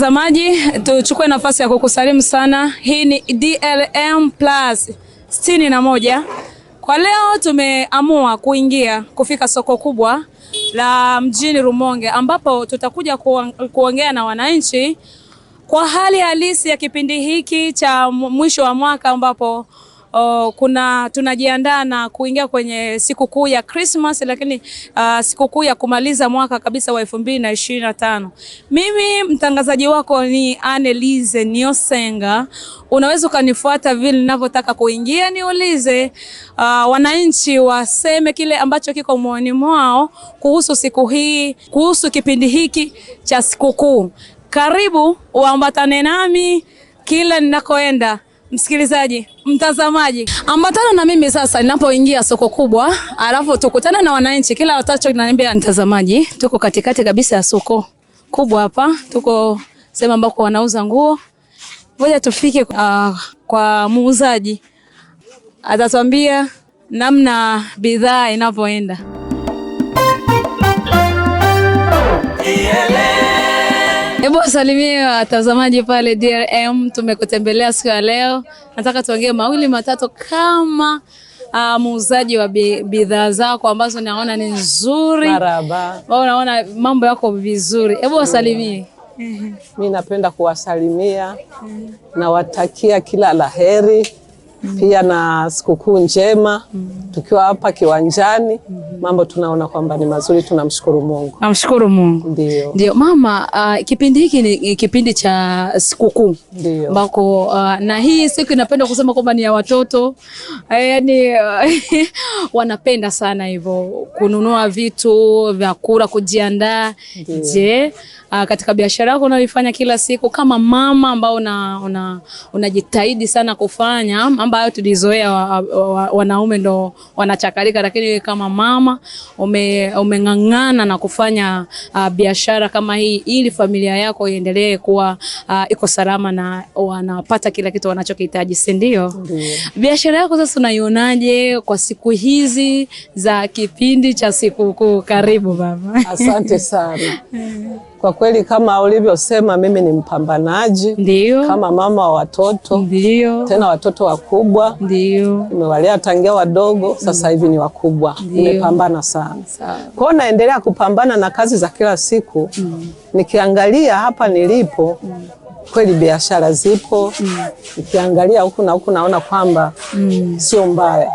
Mtazamaji, tuchukue nafasi ya kukusalimu sana. Hii ni DLM Plus sitini na moja. Kwa leo tumeamua kuingia kufika soko kubwa la mjini Rumonge ambapo tutakuja kuongea na wananchi kwa hali halisi ya kipindi hiki cha mwisho wa mwaka ambapo Oh, kuna tunajiandaa na kuingia kwenye sikukuu ya Christmas, lakini uh, sikukuu ya kumaliza mwaka kabisa wa elfu mbili na na tano. Mimi mtangazaji wako ni Annelize Niosenga. Unaweza ukanifuata vile ninavyotaka kuingia, niulize uh, wananchi waseme kile ambacho kiko moyoni mwao kuhusu siku hii, kuhusu kipindi hiki cha sikukuu. Karibu uambatane nami kila ninakoenda. Msikilizaji, mtazamaji, ambatana na mimi sasa ninapoingia soko kubwa, alafu tukutana na wananchi. Kila watacho naniambia, mtazamaji, tuko katikati kabisa ya soko kubwa hapa, tuko sehemu ambako wanauza nguo. Ngoja tufike uh, kwa muuzaji, atatuambia namna bidhaa inavyoenda. Hebu wasalimie uh, watazamaji pale DRM, tumekutembelea siku ya leo. Nataka tuongee mawili matatu kama uh, muuzaji wa bidhaa zako ambazo naona ni nzuri. Maraba. Wao naona mambo yako vizuri. Hebu wasalimie. Mimi napenda kuwasalimia. Nawatakia kila laheri pia na sikukuu njema mm-hmm. tukiwa hapa kiwanjani, mm-hmm. mambo tunaona kwamba ni mazuri, tunamshukuru Mungu. Namshukuru Mungu. Ndio. Ndio. Mama, uh, kipindi hiki ni kipindi cha sikukuu ambako uh, na hii siku inapenda kusema kwamba ni ya watoto yaani, uh, wanapenda sana hivyo kununua vitu vya kula kujiandaa. Je, uh, katika biashara yako unayoifanya kila siku kama mama ambao unajitahidi una, una sana kufanya kwamba hayo tulizoea, wanaume wa, wa ndo wanachakarika, lakini wewe kama mama ume, umeng'ang'ana na kufanya uh, biashara kama hii ili familia yako iendelee kuwa uh, iko salama na wanapata kila kitu wanachokihitaji, si ndio? Biashara yako sasa unaionaje kwa siku hizi za kipindi cha sikukuu? Karibu baba. Asante sana Kwa kweli kama ulivyosema, mimi ni mpambanaji. Ndiyo. Kama mama wa watoto. Ndiyo. Tena watoto wakubwa. Ndiyo. Nimewalea tangia wadogo, sasa mm. hivi ni wakubwa. Nimepambana sana. Kwa hiyo naendelea kupambana na kazi za kila siku. mm. Nikiangalia hapa nilipo. mm kweli biashara zipo mm. Ukiangalia huku na huku naona kwamba mm. sio mbaya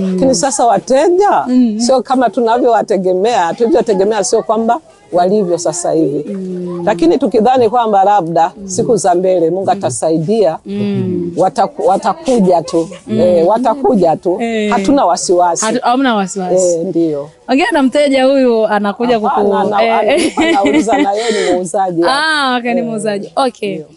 lakini mm. sasa wateja mm. sio kama tunavyowategemea, tulivyotegemea sio kwamba walivyo sasa hivi mm. lakini tukidhani kwamba labda mm. siku za mbele Mungu atasaidia mm. wataku, watakuja tu mm. e, watakuja tu e. hatuna wasiwasi Hatu, hamna wasiwasi e, ndio ongea na mteja huyu anakuja kuku anauliza na yeye ni muuzaji ah okay ni muuzaji okay Ndiyo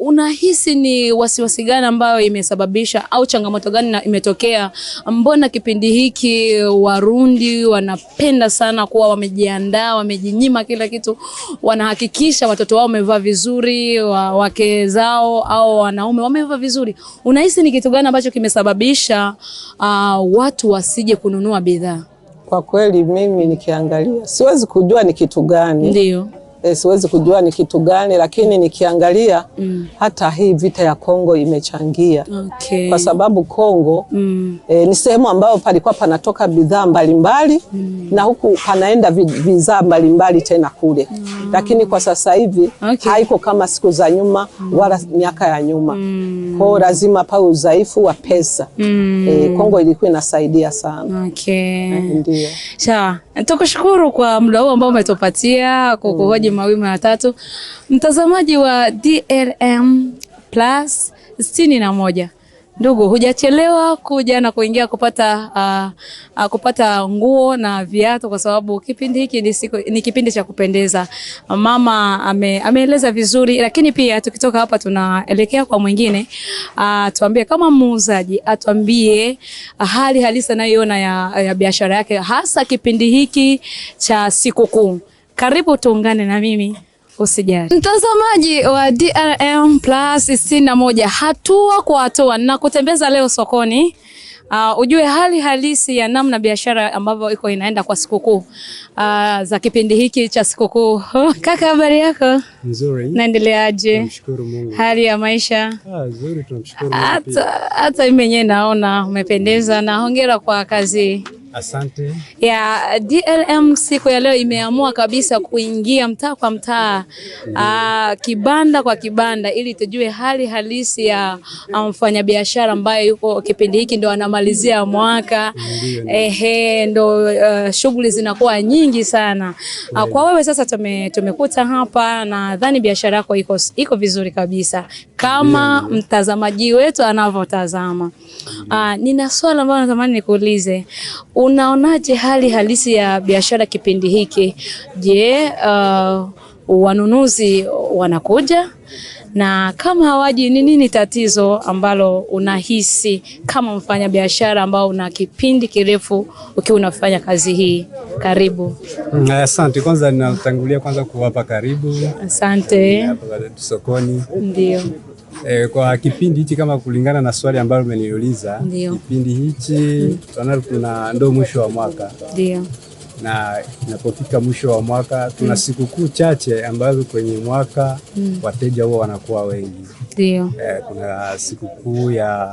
unahisi ni wasiwasi gani ambayo imesababisha au changamoto gani imetokea? Mbona kipindi hiki Warundi wanapenda sana kuwa wamejiandaa, wamejinyima kila kitu, wanahakikisha watoto wao wamevaa vizuri, wa, wake zao au wanaume wamevaa vizuri. Unahisi ni kitu gani ambacho kimesababisha uh, watu wasije kununua bidhaa? Kwa kweli mimi nikiangalia siwezi kujua ni kitu gani ndio e, siwezi kujua ni kitu gani, lakini nikiangalia mm. hata hii vita ya Kongo imechangia okay. kwa sababu Kongo mm. e, ni sehemu ambayo palikuwa panatoka bidhaa mbalimbali mm. na huku panaenda bidhaa mbalimbali tena kule mm. lakini kwa sasa hivi okay. haiko kama siku za nyuma mm. wala miaka ya nyuma mm. kwao lazima pawe udhaifu wa pesa mm. e, Kongo ilikuwa inasaidia sana okay. Ndio sawa, tukushukuru kwa muda huu ambao umetupatia kukuhoji mawili matatu. Mtazamaji wa DLM Plus sitini na moja, ndugu, hujachelewa kuja na kuingia kupata, uh, uh, kupata nguo na viatu, kwa sababu kipindi hiki ni, siku, ni kipindi cha kupendeza. Mama ame, ameeleza vizuri, lakini pia tukitoka hapa tunaelekea kwa mwingine uh, tuambie kama muuzaji atuambie hali halisi anayoona ya, ya biashara yake hasa kipindi hiki cha sikukuu. Karibu tuungane na mimi usijali. Mtazamaji wa DRM Plus sitini moja, hatua kwa hatua nakutembeza leo sokoni Uh, ujue hali halisi ya namna biashara ambavyo iko inaenda kwa sikukuu uh, za kipindi hiki cha sikukuu. Kaka, habari yako? Nzuri. Naendeleaje? Namshukuru Mungu. Hali ya maisha? Ah, nzuri, tunamshukuru Mungu. Hata hata mimi naona umependeza na hongera kwa kazi Asante. Ya DLM siku ya leo imeamua kabisa kuingia mtaa kwa mtaa, mm, kibanda kwa kibanda ili tujue hali halisi ya ah, mfanyabiashara ambaye yuko kipindi hiki ndo anamalizia mwaka. Mm, ehe, ndo uh, ah, shughuli zinakuwa nyingi sana. Mm. Kwa wewe sasa tume, tumekuta hapa nadhani biashara yako iko, iko vizuri kabisa kama mm, mtazamaji wetu anavyotazama. Mm. Nina swali ambalo natamani nikuulize. Unaonaje hali halisi ya biashara kipindi hiki? Je, uh, wanunuzi wanakuja? Na kama hawaji, ni nini tatizo ambalo unahisi kama mfanya biashara ambao una kipindi kirefu ukiwa unafanya kazi hii? Karibu. Mm, asante. Kwanza ninatangulia kwanza kuwapa karibu. Asante. Hapa sokoni. Ndio. E, kwa kipindi hichi kama kulingana na swali ambalo umeniuliza, kipindi hichi tuna ndo mwisho wa mwaka Ndiyo. na inapofika mwisho wa mwaka tuna mm. sikukuu chache ambazo kwenye mwaka mm. wateja huwa wanakuwa wengi ndio. Eh, kuna sikukuu ya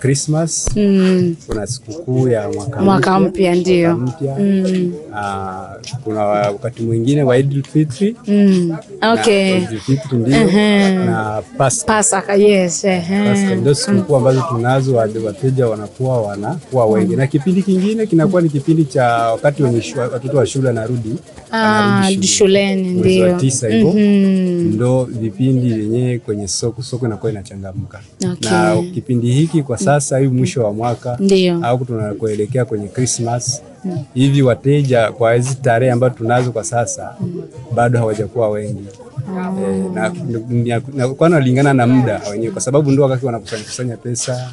Christmas mm. Kuna sikukuu ya mwaka mwaka mpya ndio mm. Ah, kuna wakati mwingine wa Eid al-Fitr mm. Okay. ndio. uh -huh. na Pasaka. Pasaka, yes. Eh. Uh-huh. Pasaka Ndio sikukuu mm. ambazo tunazo, wateja wanakuwa wanakuwa wengi mm. Na kipindi kingine kinakuwa ni kipindi cha wakati watoto wa shule anarudi ah, shuleni ndio tisa hivyo mm -hmm. Ndo vipindi vyenyewe kwenye soko, soko soko inakuwa inachangamka okay. Na kipindi hiki kwa sasa hivi mwisho wa mwaka ndio, au tunakuelekea kwenye Christmas mm. Hivi wateja kwa hizi tarehe ambazo tunazo kwa sasa mm. bado hawajakuwa wengi oh. E, na, na, na, na, kwa nalingana na muda wenyewe kwa sababu ndio wakati wanakusanya pesa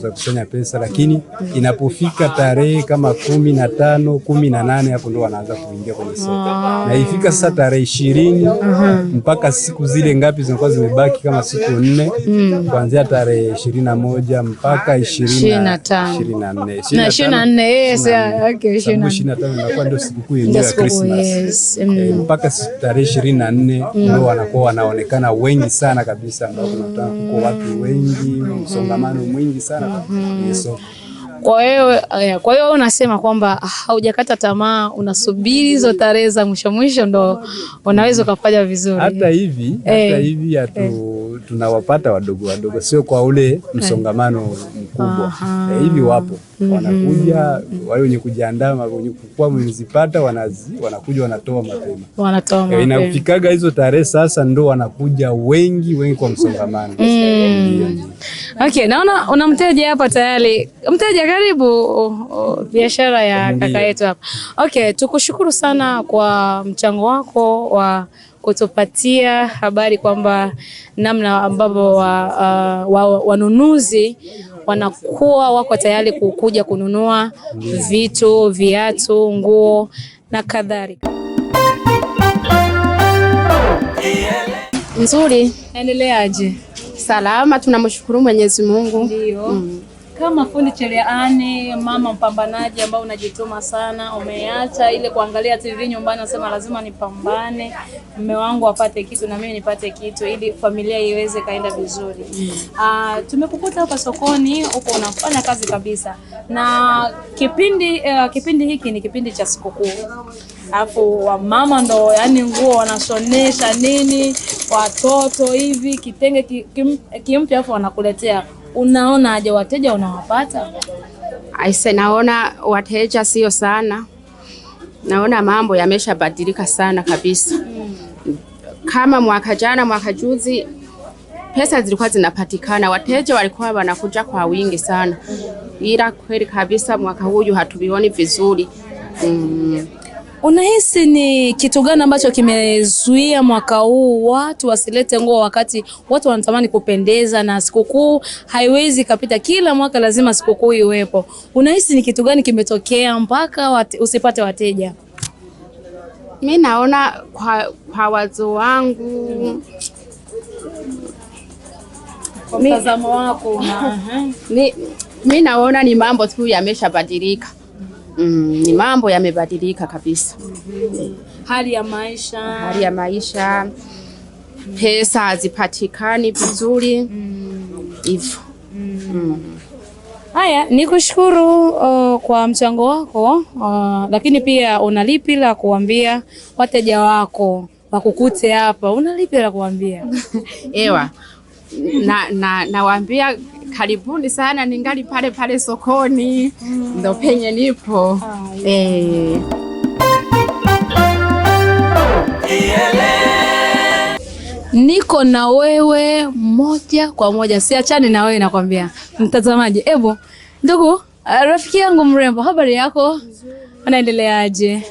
nakusanya pesa, lakini inapofika tarehe kama kumi na tano kumi na nane hapo ndo wanaanza kuingia kwenye soko, na ifika sasa tarehe ishirini mhm. mpaka siku zile ngapi zinakuwa zimebaki kama siku nne mm. kuanzia tarehe ishirini na moja mpaka ishirini na nne inakuwa ndio sikukuu yenyewe ya eh, mm. mpaka tarehe ishirini na nne mm. ndo wanakuwa wanaonekana wengi sana kabisa, ambao kuko watu wengi msongamano mm. mwingi sana kwenye mm-hmm. soko. Kwa hiyo eh, kwa hiyo unasema kwamba haujakata ah, tamaa, unasubiri hizo tarehe za mwisho mwisho ndo unaweza ukafanya vizuri. Hata hivi eh. hata hivi hatu eh tunawapata wadogo wadogo, sio kwa ule msongamano mkubwa. E, hivi wapo mhm. wanakuja wale wenye kujiandaa wenye kukua mezipata wanakuja wanatoa mapema, wanatoa E, inafikaga hizo tarehe sasa ndo wanakuja wengi wengi kwa msongamano mm. Okay, naona una mteja hapa tayari. Mteja karibu, biashara ya kaka yetu hapa. Okay, tukushukuru sana kwa mchango wako wa kutupatia habari kwamba namna ambavyo wa, uh, wa, wanunuzi wanakuwa wako tayari kukuja kununua vitu, viatu, nguo na kadhalika. Nzuri, endeleaje? Salama, tunamshukuru Mwenyezi Mungu. Ndio. Mm kama fundi cherehani, mama mpambanaji ambao unajituma sana, umeacha ile kuangalia TV nyumbani, unasema lazima nipambane, mume wangu apate kitu na mimi nipate kitu, ili familia iweze kaenda vizuri. Uh, tumekukuta hapa sokoni, huko unafanya kazi kabisa, na kipindi uh, kipindi hiki ni kipindi cha sikukuu Alafu wamama ndo yani nguo wanashonesha nini, watoto hivi kitenge kimpya, alafu wanakuletea Unaona aje wateja unawapata? Aise, naona wateja sio sana, naona mambo yameshabadilika sana kabisa. Kama mwaka jana, mwaka juzi pesa zilikuwa zinapatikana, wateja walikuwa wanakuja kwa wingi sana, ila kweli kabisa mwaka huyu hatuvioni vizuri mm. Unahisi ni kitu gani ambacho kimezuia mwaka huu watu wasilete nguo, wakati watu wanatamani kupendeza na sikukuu haiwezi kapita? Kila mwaka lazima sikukuu iwepo. Unahisi ni kitu gani kimetokea mpaka wate, usipate wateja? Mi naona kwa, kwa wazo wangu Kwa mtazamo wako mi, uh-huh. mi naona ni mambo tu yameshabadilika Mm, ni mambo yamebadilika kabisa. mm -hmm. Hali ya maisha, hali ya maisha Pesa hazipatikani vizuri mm. hivyo. mm. mm. mm. Haya, nikushukuru uh, kwa mchango wako uh, lakini pia una lipi la kuambia wateja wako wakukute hapa, una lipi la kuambia? Ewa, na nawaambia na Karibuni sana, ningali pale pale sokoni mm. Ndo penye nipo ah, eh. Niko na wewe moja kwa moja, siachani na wewe nakwambia. Mtazamaji, hebu ndugu ah, rafiki yangu mrembo, habari yako? Unaendeleaje?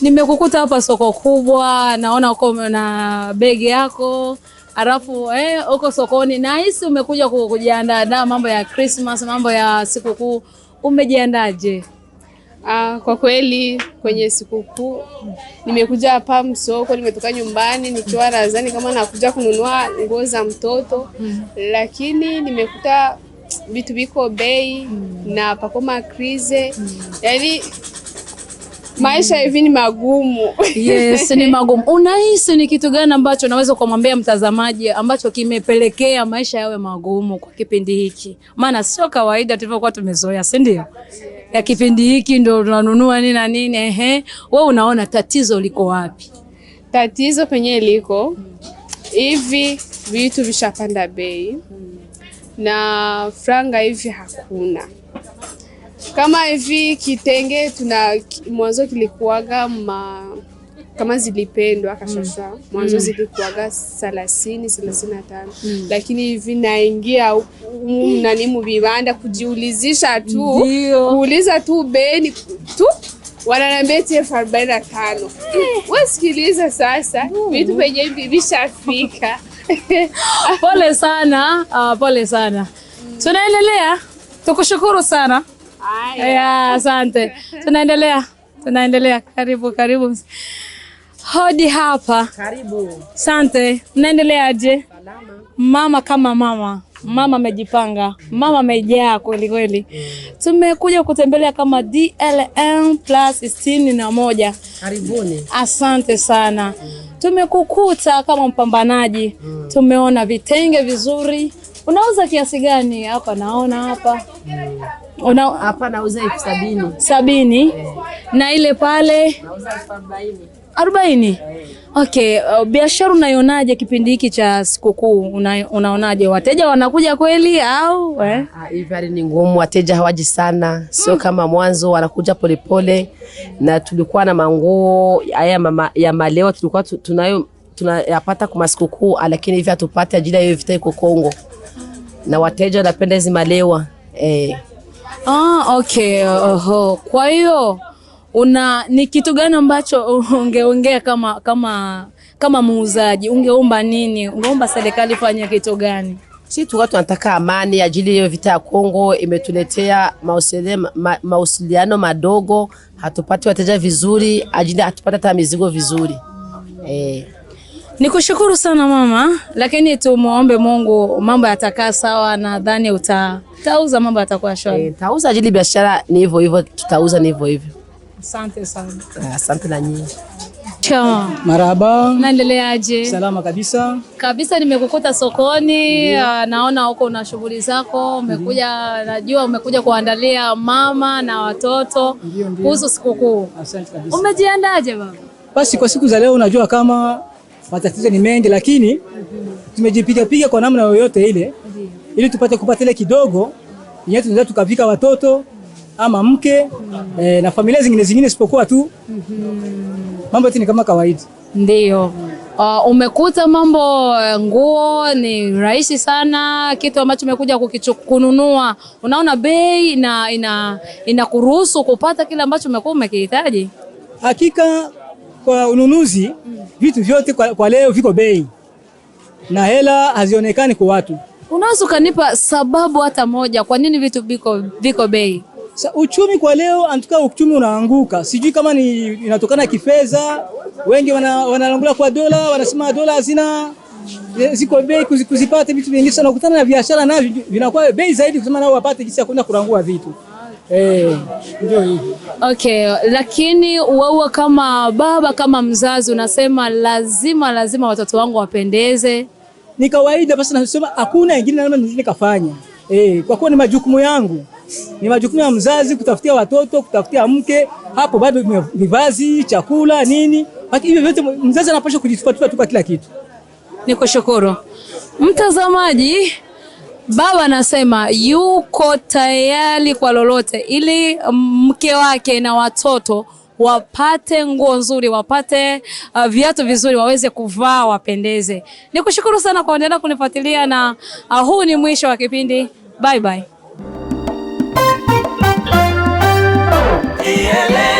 Nimekukuta hapa soko kubwa, naona uko na begi yako Alafu eh, uko sokoni na hisi umekuja kujiandaa na mambo ya Christmas, mambo ya sikukuu, umejiandaje? Ah, kwa kweli kwenye sikukuu nimekuja hapa msoko, nimetoka nyumbani nikiwa nadhani kama nakuja kununua nguo za mtoto mm lakini nimekuta vitu viko bei mm na pakoma krize mm yaani maisha hivi ni magumu. Yes, ni magumu. Unahisi ni kitu gani ambacho unaweza kumwambia mtazamaji ambacho kimepelekea maisha yawe magumu kwa kipindi hiki? Maana sio kawaida tulivyokuwa tumezoea, si ndio? Ya kipindi hiki ndio tunanunua nini na nini. Ehe, wewe unaona tatizo liko wapi? Tatizo penye liko hivi, vitu vishapanda bei na franga hivi hakuna kama hivi kitenge tuna mwanzo kilikuaga ma, kama zilipendwa kashasha mm. mwanzo mm. zilikuwaga thelathini thelathini na tano mm. lakini hivi naingia nani muvibanda kujiulizisha tu kuuliza tu beni tu wananambia eti elfu arobaini na tano eh. wasikiliza sasa vitu mm. venye vishafika pole sana uh, pole sana mm. tunaendelea tukushukuru sana Haya, asante. Tunaendelea, tunaendelea. Karibu, karibu. Hodi hapa. Karibu. Asante. Mnaendeleaje? Mama kama mama. Mama amejipanga. Mama amejaa kweli kweli. Tumekuja kutembelea kama DLM plus sitini na moja. Karibuni. Asante sana. Tumekukuta kama mpambanaji. Mm. Tumeona vitenge vizuri. Unauza kiasi gani hapa? Naona hapa. Mm. Hapa nauza elfu sabini. Sabini eh. na ile pale arobaini. Eh. Okay, uh, biashara unaionaje kipindi hiki cha sikukuu? Unaonaje, wateja wanakuja kweli au eh? ah, hivi? Hali ni ngumu, wateja hawaji sana, sio hmm. kama mwanzo, wanakuja polepole. Na tulikuwa na manguo haya ya maleo tulikuwa tunayo tunayapata kwa masikukuu, ah, lakini hivi hatupati ajili ya hiyo vita iko Kongo, na wateja wanapenda hizi malewa eh. Ah, okay. Oho. Kwa hiyo una ni kitu gani ambacho ungeongea kama kama kama muuzaji, ungeomba nini? Ungeomba serikali ifanye kitu gani? Si tuka tunataka amani, ajili hiyo vita ya Kongo imetuletea mawasiliano ma, madogo, hatupati wateja vizuri, ajili hatupati hata mizigo vizuri e. Nikushukuru sana mama, lakini tumwombe Mungu mambo yatakaa sawa, nadhani uta Tauza mambo yatakuwa shwari. E, tauza ajili biashara ni hivyo hivyo, tutauza ni hivyo hivyo. Asante sana. Ah, asante na nyinyi. Chao. Naendeleaje? Salama kabisa. Kabisa nimekukuta sokoni, yeah. Naona huko na shughuli zako, umekuja mm -hmm. Najua umekuja kuandalia mama na watoto kuhusu sikukuu. Asante kabisa. Umejiandaje baba? Basi kwa siku za leo unajua kama matatizo ni mengi lakini mm -hmm. tumejipiga piga kwa namna yoyote ile ili tupate kupata ile kidogo yenyewe tunaweza tukavika watoto ama mke e, na familia zingine zingine isipokuwa tu mm -hmm. mambo ni kama kawaida ndio. Uh, umekuta mambo eh, nguo ni rahisi sana, kitu ambacho umekuja kununua, unaona bei na ina inakuruhusu kupata kile ambacho umekuwa umekihitaji. Hakika kwa ununuzi mm. vitu vyote kwa, kwa leo viko bei na hela hazionekani kwa watu Unaweza ukanipa sababu hata moja kwa nini vitu viko viko bei? Sa, uchumi kwa leo antuka uchumi unaanguka, sijui kama ni inatokana kifedha. Wengi wanalangula kwa dola, wanasema dola hazina eh, ziko bei kuzipata vitu vingi sana, kukutana na biashara navyo vinakuwa bei zaidi kusema nao wapate jinsi ya kwenda kurangua vitu eh, ndio hivi. Okay, lakini wewe kama baba, kama mzazi, unasema lazima lazima watoto wangu wapendeze ni kawaida, basi nasema hakuna ingine namna nyingine kafanya eh, kwa kuwa ni majukumu yangu, ni majukumu ya mzazi kutafutia watoto, kutafutia mke, hapo bado vivazi, chakula, nini, hivyo vyote mzazi anapaswa kujitupa tu kwa kila kitu. Nikushukuru mtazamaji. Baba anasema yuko tayari kwa lolote ili mke wake na watoto wapate nguo nzuri, wapate uh, viatu vizuri, waweze kuvaa wapendeze. ni kushukuru sana kwa kuendelea kunifuatilia na uh, huu ni mwisho wa kipindi. Bye bye. E